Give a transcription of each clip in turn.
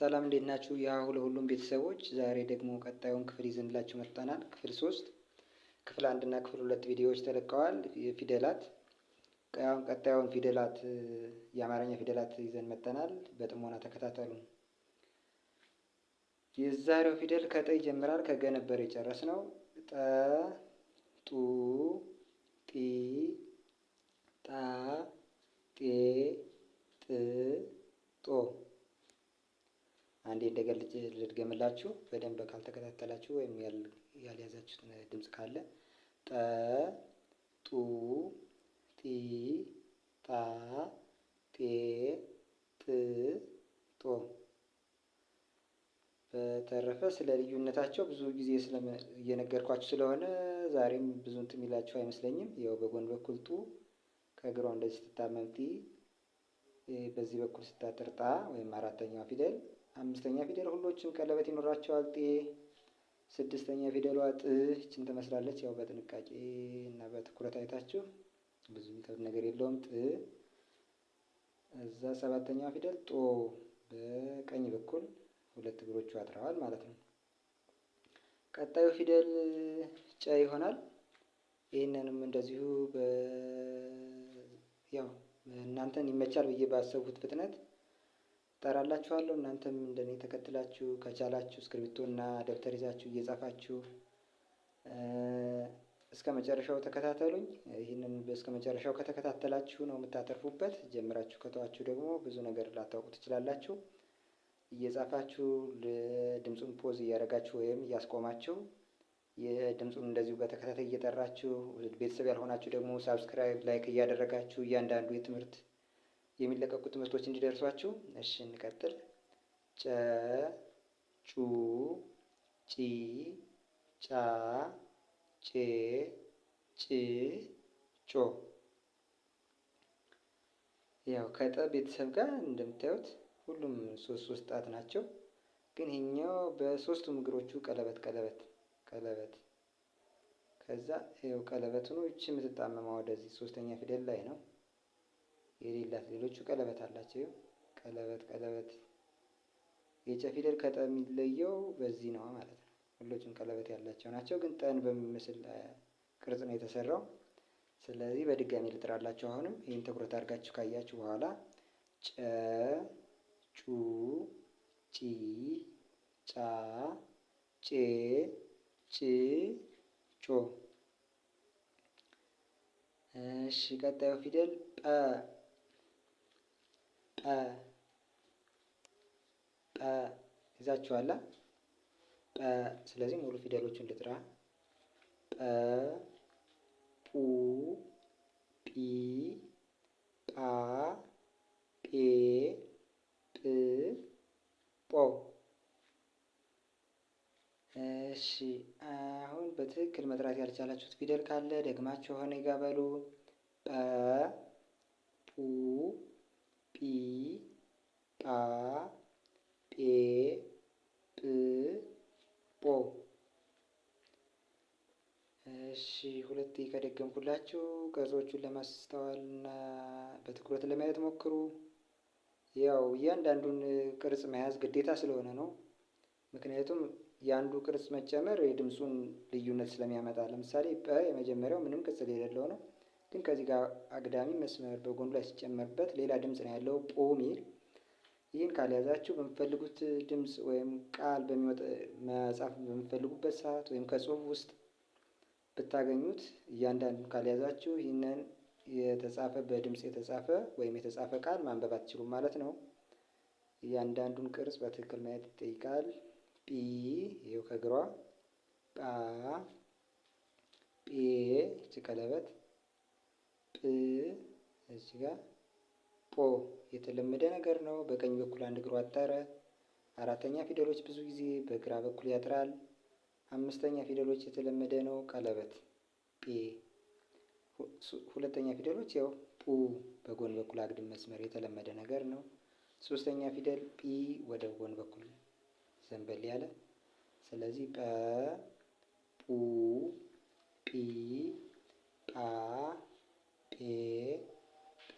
ሰላም እንዴት ናችሁ? የሀሁ ለሁሉም ቤተሰቦች ዛሬ ደግሞ ቀጣዩን ክፍል ይዘንላችሁ መጥተናል። ክፍል ሶስት ክፍል አንድ እና ክፍል ሁለት ቪዲዮዎች ተለቀዋል። ፊደላት ቀጣዩን ፊደላት የአማርኛ ፊደላት ይዘን መጥተናል። በጥሞና ተከታተሉ። የዛሬው ፊደል ከጠ ይጀምራል። ከገ ነበር የጨረስ ነው። ጠ፣ ጡ፣ ጢ፣ ጣ፣ ጤ፣ ጥ፣ ጦ አንዴ እንደገልጭ ልድገምላችሁ በደንብ ካልተከታተላችሁ ወይም ያልያዛችሁት ድምፅ ካለ ጠ ጡ ጢ ጣ ጤ ጥ ጦ። በተረፈ ስለ ልዩነታቸው ብዙ ጊዜ እየነገርኳችሁ ስለሆነ ዛሬም ብዙ እንትን የሚላችሁ አይመስለኝም። ያው በጎን በኩል ጡ ከግሯ እንደዚህ ስታመምጢ፣ በዚህ በኩል ስታጥርጣ ወይም አራተኛዋ ፊደል አምስተኛ ፊደል ሁሎችም ቀለበት ይኖራቸዋል። ጤ ስድስተኛ ፊደሏ ጥ ይችን ትመስላለች። ያው በጥንቃቄ እና በትኩረት አይታችሁ ብዙ የሚከብድ ነገር የለውም። ጥ እዛ ሰባተኛ ፊደል ጦ በቀኝ በኩል ሁለት እግሮቹ አጥረዋል ማለት ነው። ቀጣዩ ፊደል ጨ ይሆናል። ይህንንም እንደዚሁ ያው እናንተን ይመቻል ብዬ ባሰብኩት ፍጥነት ጠራላችኋለሁ። እናንተም እንደኔ ተከትላችሁ ከቻላችሁ እስክሪብቶና ደብተር ይዛችሁ እየጻፋችሁ እስከ መጨረሻው ተከታተሉኝ። ይህንን እስከ መጨረሻው ከተከታተላችሁ ነው የምታተርፉበት። ጀምራችሁ ከተዋችሁ ደግሞ ብዙ ነገር ላታውቁ ትችላላችሁ። እየጻፋችሁ ድምፁን ፖዝ እያደረጋችሁ ወይም እያስቆማችሁ የድምፁን እንደዚሁ በተከታታይ እየጠራችሁ ቤተሰብ ያልሆናችሁ ደግሞ ሳብስክራይብ፣ ላይክ እያደረጋችሁ እያንዳንዱ የትምህርት የሚለቀቁ ትምህርቶች እንዲደርሷችሁ። እሺ እንቀጥል። ጨ ጩ ጪ ጫ ጬ ጭ ጮ። ያው ከጠ ቤተሰብ ጋር እንደምታዩት ሁሉም ሶስት ሶስት ጣት ናቸው። ግን ይሄኛው በሶስቱም እግሮቹ ቀለበት ቀለበት ቀለበት ከዛ ይኸው ቀለበት ሆኖ የምትጣመመው ወደዚህ ሶስተኛ ፊደል ላይ ነው። የሌላት ሌሎቹ ቀለበት አላቸው። ቀለበት ቀለበት የጨ ፊደል ከጠ የሚለየው በዚህ ነው ማለት ነው። ሁሎችም ቀለበት ያላቸው ናቸው፣ ግን ጠን በሚመስል ቅርጽ ነው የተሰራው። ስለዚህ በድጋሚ ልጥራላችሁ። አሁንም ይህን ትኩረት አድርጋችሁ ካያችሁ በኋላ ጨ፣ ጩ፣ ጪ፣ ጫ፣ ጬ፣ ጭ፣ ጮ። እሺ ቀጣዩ ፊደል ጰ ጠ ጠ ይዛችኋላ ጠ ስለዚህ ሙሉ ፊደሎችን ልጥራ ጠ ጡ ጲ ጳ ጴ ጵ ጶ እሺ አሁን በትክክል መጥራት ያልቻላችሁት ፊደል ካለ ደግማችሁ ሆነ ይጋበሉ። ጠ ጲ ጳ ጴ ጵ ጶ። እሺ ሁለቴ ከደገምኩላችሁ ቅርጾቹን ለማስተዋል በትኩረት ለማየት ሞክሩ። ያው እያንዳንዱን ቅርጽ መያዝ ግዴታ ስለሆነ ነው። ምክንያቱም የአንዱ ቅርጽ መጨመር የድምፁን ልዩነት ስለሚያመጣ። ለምሳሌ ጰ የመጀመሪያው ምንም ቅጽል የሌለው ነው። ግን ከዚህ ጋር አግዳሚ መስመር በጎኑ ላይ ሲጨመርበት ሌላ ድምፅ ነው ያለው ጶ ሚል። ይህን ካልያዛችሁ በምፈልጉት ድምፅ ወይም ቃል መጻፍ በምፈልጉበት ሰዓት ወይም ከጽሁፍ ውስጥ ብታገኙት እያንዳንዱ ካልያዛችሁ ይህንን የተጻፈ በድምፅ የተጻፈ ወይም የተጻፈ ቃል ማንበብ አትችሉም ማለት ነው። እያንዳንዱን ቅርጽ በትክክል ማየት ይጠይቃል። ጲ ይኸው ከግሯ ጳ ጴ ቀለበት እዚህ ጋር ጶ የተለመደ ነገር ነው። በቀኝ በኩል አንድ እግሩ አጠረ። አራተኛ ፊደሎች ብዙ ጊዜ በግራ በኩል ያጥራል። አምስተኛ ፊደሎች የተለመደ ነው። ቀለበት ጴ። ሁለተኛ ፊደሎች ያው ጱ በጎን በኩል አግድም መስመር የተለመደ ነገር ነው። ሶስተኛ ፊደል ጲ ወደ ጎን በኩል ዘንበል ያለ። ስለዚህ ጰ፣ ጱ፣ ጲ፣ ጳ ፔ ፕ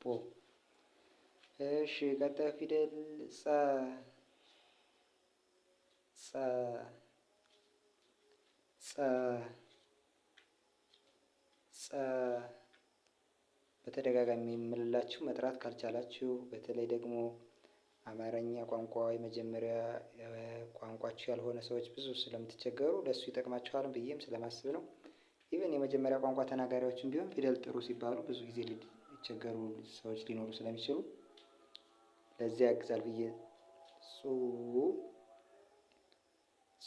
ፖ። እሺ ቀጣዩ ፊደል ጸ ጸ ጸ ጸ በተደጋጋሚ የምልላችሁ መጥራት ካልቻላችሁ በተለይ ደግሞ አማርኛ ቋንቋ የመጀመሪያ ቋንቋችሁ ያልሆነ ሰዎች ብዙ ስለምትቸገሩ ለእሱ ይጠቅማችኋል ብዬም ስለማስብ ነው። ኢቨን የመጀመሪያ ቋንቋ ተናጋሪዎችን ቢሆን ፊደል ጥሩ ሲባሉ ብዙ ጊዜ ሊቸገሩ ሰዎች ሊኖሩ ስለሚችሉ ለዚያ ያግዛል ብዬ ጹ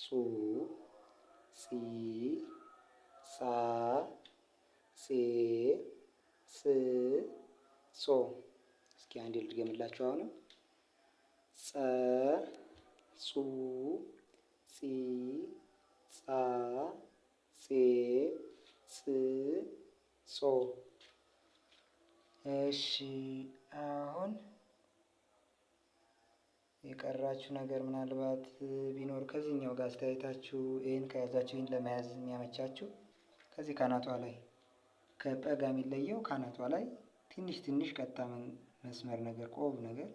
ጹ ጺ ጻ ጼ ስ ጾ እስኪ አንዴ ልድገምላችሁ። አሁንም ጸ ጹ ጺ ጻ ጼ ጾ እሺ አሁን የቀራችሁ ነገር ምናልባት ቢኖር ከዚህኛው ጋር አስተያየታችሁ ይህን ከያዛችሁ ይህን ለመያዝ የሚያመቻችሁ ከዚህ ካናቷ ላይ ከጰ ጋር የሚለየው ካናቷ ላይ ትንሽ ትንሽ ቀጥታ መስመር ነገር ቆብ ነገር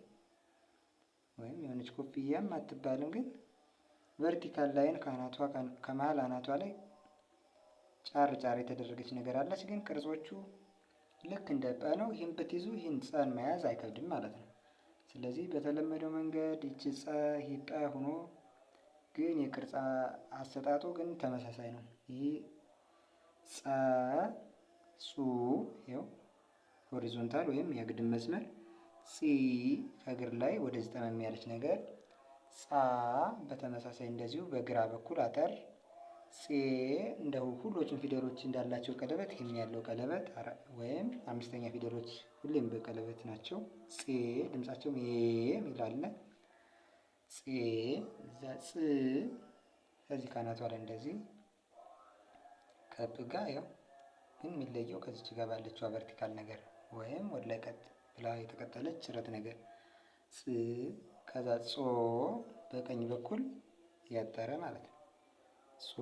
ወይም የሆነች ኮፍያም አትባልም፣ ግን ቨርቲካል ላይን ከአናቷ ከመሀል አናቷ ላይ ጫር ጫር የተደረገች ነገር አለች፣ ግን ቅርጾቹ ልክ እንደ ጠ ነው። ይህን ብትይዙ ይህን ጸን መያዝ አይከብድም ማለት ነው። ስለዚህ በተለመደው መንገድ ይቺ ጸ ይህ ጠ ሆኖ ግን የቅርጽ አሰጣጡ ግን ተመሳሳይ ነው። ይህ ጸ ጹ ው ሆሪዞንታል ወይም የግድም መስመር ፂ ከእግር ላይ ወደዚህ ጠመም ያለች ነገር ጻ በተመሳሳይ እንደዚሁ በግራ በኩል አጠር ጼ እንደ ሁሎችም ፊደሎች እንዳላቸው ቀለበት ይህም ያለው ቀለበት ወይም አምስተኛ ፊደሎች ሁሌም በቀለበት ናቸው። ጼ ድምጻቸውም ይም ይላል። ጼ እዛ ጽ ከዚህ ካናቷ ላይ እንደዚህ ጋ ያው ግን የሚለየው ከዚች ጋር ባለችው ቨርቲካል ነገር ወይም ወደ ላይ ቀጥ ብላ የተቀጠለች ጭረት ነገር ጽ ከዛ ጾ በቀኝ በኩል ያጠረ ማለት ነው። ሶ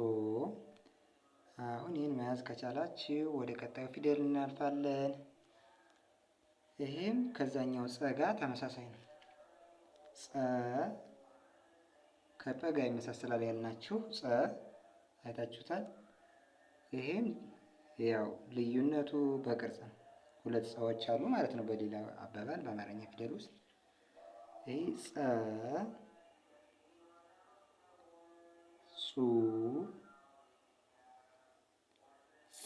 አሁን ይህን መያዝ ከቻላችሁ ወደ ቀጣዩ ፊደል እናልፋለን። ይህም ከዛኛው ጸ ጋር ተመሳሳይ ነው። ጸ ከጰ ጋር ይመሳሰላል ያልናችሁ ፀ አይታችሁታል። ይህም ያው ልዩነቱ በቅርጽ ነው። ሁለት ፀዎች አሉ ማለት ነው። በሌላ አባባል በአማርኛ ፊደል ውስጥ ይህ ጸ ሱ ጺ ጻ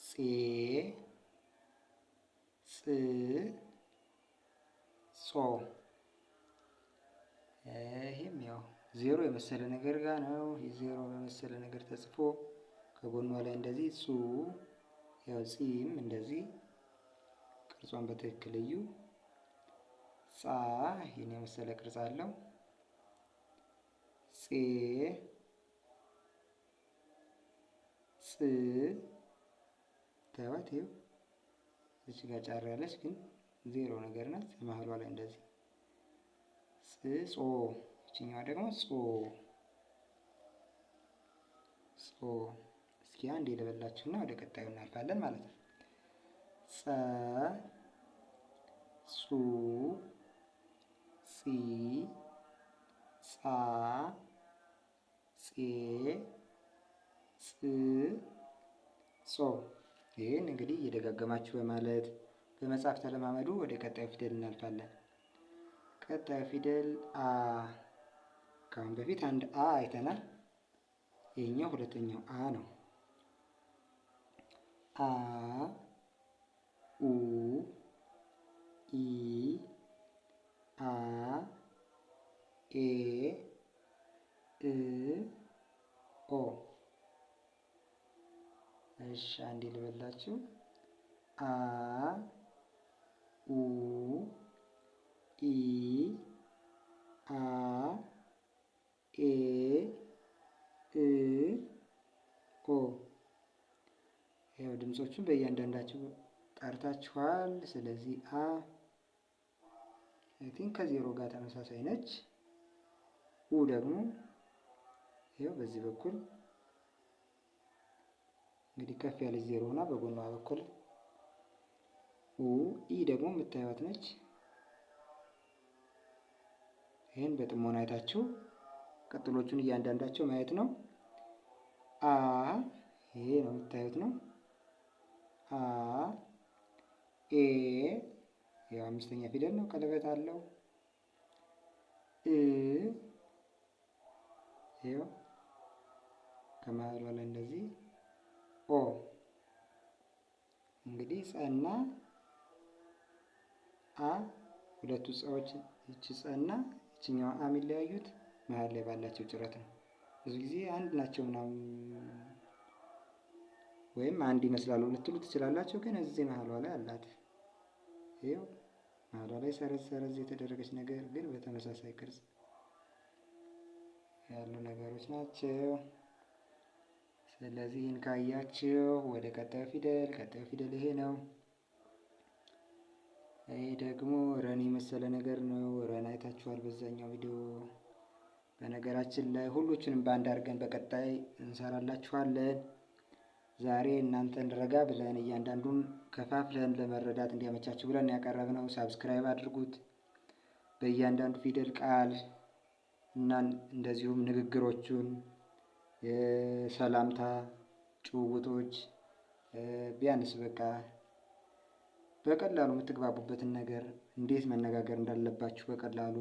ጼ ጽ ጾ ይህም ያው ዜሮ የመሰለ ነገር ጋ ነው። የዜሮ የመሰለ ነገር ተጽፎ ከጎኗ ላይ እንደዚህ ጹ ያው ጺም እንደዚህ ቅርጿን በትክክል እዩ። ጻ ይህን የመሰለ ቅርጽ አለው። ጼ ጽ ተባት ይኸው እዚህ ጋር ጫር ያለች ግን ዜሮ ነገር ናት። መሀሏ ላይ እንደዚህ ጽ ጾ ይችኛዋ ደግሞ ጾ ጾ እስኪ አንድ የለበላችሁና ወደ ቀጣዩ እናልፋለን ማለት ነው። ጸ ጹ ፂ ፃ ፄ ፅ ጾ ይህን እንግዲህ እየደጋገማችሁ በማለት በመጻፍ ተለማመዱ። ወደ ቀጣዩ ፊደል እናልፋለን። ቀጣዩ ፊደል አ። ከአሁን በፊት አንድ አ አይተናል። ይህኛው ሁለተኛው አ ነው። አ ኡ ኢ ሀ ኤ እ ኦ እሺ አንዴ ልበላችሁ አ ኡ ኢ አ ኤ እ ኦ ያው ድምጾቹን በእያንዳንዳችሁ ጠርታችኋል። ስለዚህ አ ቲንክ ከዜሮ ጋር ተመሳሳይ ነች። ኡ ደግሞ ይኸው በዚህ በኩል እንግዲህ ከፍ ያለች ዜሮ ሆና በጎኗ በኩል ኡ ኢ ደግሞ የምታዩት ነች። ይህን በጥሞና አይታችሁ ቀጥሎቹን እያንዳንዳቸው ማየት ነው። አ ይሄ ነው የምታዩት ነው። አ ኤ ይህ አምስተኛ ፊደል ነው። ቀለበት አለው። እ ይኸው ላይ እንደዚህ ኦ እንግዲህ ጸና አ ሁለቱ ጸዎች ይቺ ጸና ይችኛዋ አ የሚለያዩት መሀል ላይ ባላቸው ጭረት ነው። ብዙ ጊዜ አንድ ናቸው ምናምን ወይም አንድ ይመስላሉ ልትሉ ትችላላቸው፣ ግን እዚህ መሀሏ ላይ አላት ይኸው መሀሏ ላይ ሰረዝ ሰረዝ የተደረገች ነገር ግን በተመሳሳይ ቅርጽ ያሉ ነገሮች ናቸው። ስለዚህን ካያችሁ ወደ ቀጣዩ ፊደል ቀጣዩ ፊደል ይሄ ነው። ይሄ ደግሞ ረን የመሰለ ነገር ነው። ረን አይታችኋል በዛኛው ቪዲዮ። በነገራችን ላይ ሁሉችንም በአንድ አድርገን በቀጣይ እንሰራላችኋለን። ዛሬ እናንተን ረጋ ብለን እያንዳንዱን ከፋፍለን ለመረዳት እንዲያመቻችሁ ብለን ያቀረብነው። ሳብስክራይብ አድርጉት። በእያንዳንዱ ፊደል ቃል እና እንደዚሁም ንግግሮቹን፣ የሰላምታ ጭውውቶች ቢያንስ በቃ በቀላሉ የምትግባቡበትን ነገር እንዴት መነጋገር እንዳለባችሁ በቀላሉ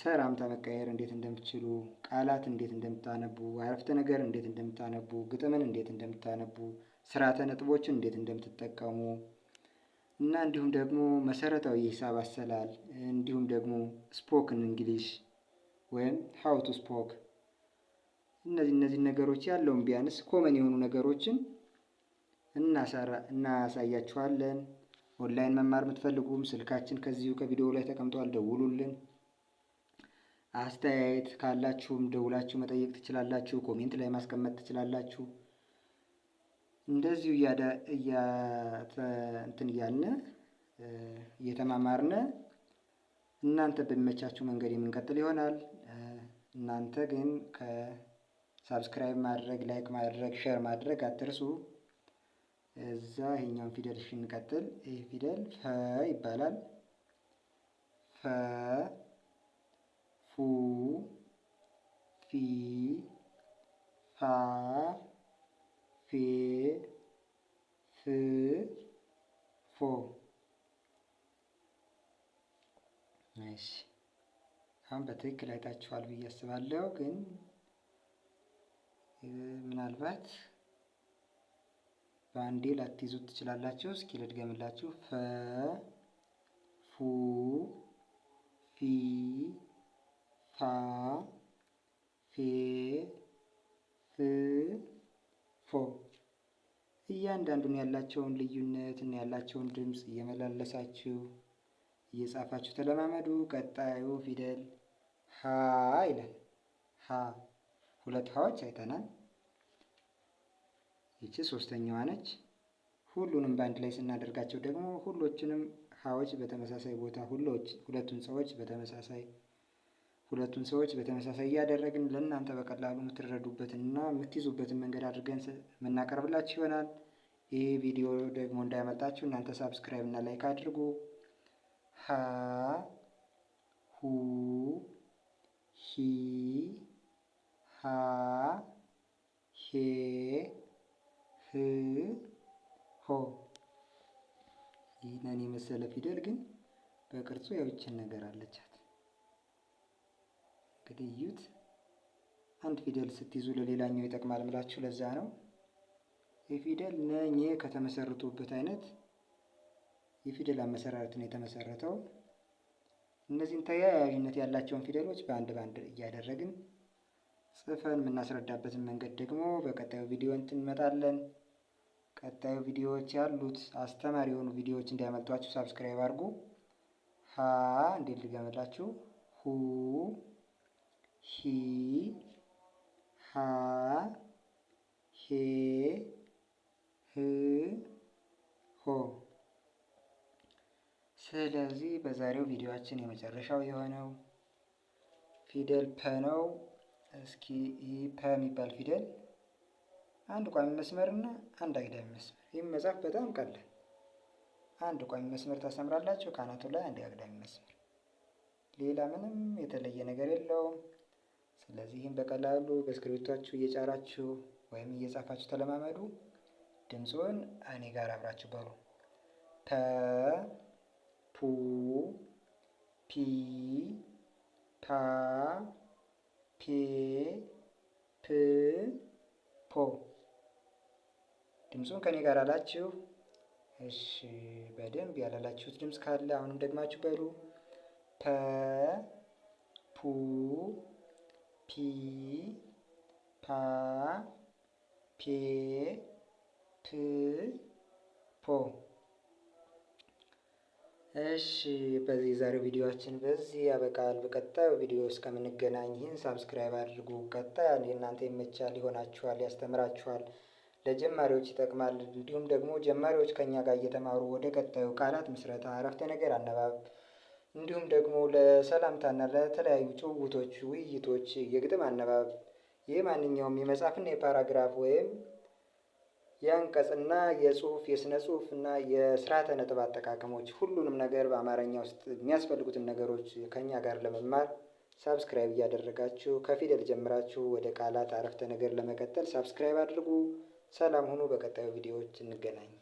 ሰላምታ መቀየር እንዴት እንደምትችሉ፣ ቃላት እንዴት እንደምታነቡ፣ አረፍተ ነገር እንዴት እንደምታነቡ፣ ግጥምን እንዴት እንደምታነቡ፣ ስርዓተ ነጥቦችን እንዴት እንደምትጠቀሙ እና እንዲሁም ደግሞ መሰረታዊ የሂሳብ አሰላል እንዲሁም ደግሞ ስፖክን እንግሊሽ ወይም ሀው ቱ ስፖክ እነዚህ እነዚህ ነገሮች ያለውን ቢያንስ ኮመን የሆኑ ነገሮችን እናሳያችኋለን። ኦንላይን መማር የምትፈልጉም ስልካችን ከዚሁ ከቪዲዮ ላይ ተቀምጧል፣ ደውሉልን። አስተያየት ካላችሁም ደውላችሁ መጠየቅ ትችላላችሁ። ኮሜንት ላይ ማስቀመጥ ትችላላችሁ። እንደዚሁ እንትን እያልን እየተማማርነ እናንተ በሚመቻችሁ መንገድ የምንቀጥል ይሆናል። እናንተ ግን ከሳብስክራይብ ማድረግ፣ ላይክ ማድረግ፣ ሼር ማድረግ አትርሱ። እዛ ይሄኛውን ፊደል እሺ፣ እንቀጥል። ይህ ፊደል ፈ ይባላል። ፈ ሁ ፊ ፋ ፌ ፍ ፎ። እሺ አሁን በትክክል አይታችኋል ብዬ አስባለሁ። ግን ምናልባት በአንዴ ላትይዙት ትችላላችሁ። እስኪ ልድገምላችሁ። ፈ ፉ ፊ ፋ ፌ ፍ ፎ እያንዳንዱን ያላቸውን ልዩነት እና ያላቸውን ድምፅ እየመላለሳችሁ እየጻፋችሁ ተለማመዱ። ቀጣዩ ፊደል ሀ ይላል። ሀ ሁለት ሀዎች አይተናል። ይቺ ሶስተኛዋ ነች። ሁሉንም በአንድ ላይ ስናደርጋቸው ደግሞ ሁሎችንም ሀዎች በተመሳሳይ ቦታ ሁሎች ሁለቱን ሰዎች በተመሳሳይ ሁለቱን ሰዎች በተመሳሳይ እያደረግን ለእናንተ በቀላሉ የምትረዱበትንና የምትይዙበትን መንገድ አድርገን የምናቀርብላችሁ ይሆናል። ይህ ቪዲዮ ደግሞ እንዳያመልጣችሁ እናንተ ሳብስክራይብ እና ላይክ አድርጉ። ሀ ሁ ሂ ሃ ሄ ህ ሆ ይህንን የመሰለ ፊደል ግን በቅርጹ ያው ነገር አለቻት። እንግዲህ አንድ ፊደል ስትይዙ ለሌላኛው ይጠቅማል ምላችሁ ለዛ ነው። የፊደል ነኝ ከተመሰረቱበት አይነት የፊደል አመሰራረት ነው የተመሰረተው። እነዚህን ተያያዥነት ያላቸውን ፊደሎች በአንድ በአንድ እያደረግን ጽፈን የምናስረዳበትን መንገድ ደግሞ በቀጣዩ ቪዲዮ እንመጣለን። ቀጣዩ ቪዲዮዎች ያሉት አስተማሪ የሆኑ ቪዲዮዎች እንዳያመልጧችሁ ሳብስክራይብ አድርጉ። ሀ እንዴት ልገመላችሁ ሁ ሂ ሃ ሄ ህ ሆ። ስለዚህ በዛሬው ቪዲዮአችን የመጨረሻው የሆነው ፊደል ፐ ነው። እስኪ ይህ ፐ የሚባል ፊደል አንድ ቋሚ መስመር እና አንድ አግዳሚ መስመር። ይህም መጽሐፍ በጣም ቀላል። አንድ ቋሚ መስመር ታሰምራላችሁ፣ ከአናቱ ላይ አንድ አግዳሚ መስመር። ሌላ ምንም የተለየ ነገር የለውም። ስለዚህም በቀላሉ በእስክሪብቶችሁ እየጫራችሁ ወይም እየጻፋችሁ ተለማመዱ። ድምፁን እኔ ጋር አብራችሁ በሉ ተ ፑ ፒ ፓ ፔ ፕ ፖ ድምፁን ከኔ ጋር አላችሁ። እሺ በደንብ ያላላችሁት ድምፅ ካለ አሁንም ደግማችሁ በሉ ፐ ፑ ፒ ፓ ፔ ፕ ፖ። እሺ በዚህ የዛሬው ቪዲዮችን በዚህ ያበቃል። በቀጣዩ ቪዲዮ እስከምንገናኝ ይህን ሳብስክራይብ አድርጉ። ቀጣይ እናንተ ይመቻል፣ ይሆናችኋል፣ ያስተምራችኋል፣ ለጀማሪዎች ይጠቅማል። እንዲሁም ደግሞ ጀማሪዎች ከኛ ጋር እየተማሩ ወደ ቀጣዩ ቃላት ምስረታ፣ አረፍተ ነገር አነባብ እንዲሁም ደግሞ ለሰላምታና ለተለያዩ ጭውውቶች፣ ውይይቶች የግጥም አነባብ ማንኛውም የመጽሐፍና የፓራግራፍ ወይም የአንቀጽና የጽሁፍ የስነ ጽሁፍ እና የስርዓተ ነጥብ አጠቃቀሞች ሁሉንም ነገር በአማርኛ ውስጥ የሚያስፈልጉትን ነገሮች ከኛ ጋር ለመማር ሳብስክራይብ እያደረጋችሁ ከፊደል ጀምራችሁ ወደ ቃላት አረፍተ ነገር ለመቀጠል ሳብስክራይብ አድርጉ። ሰላም ሁኑ። በቀጣዩ ቪዲዮዎች እንገናኝ።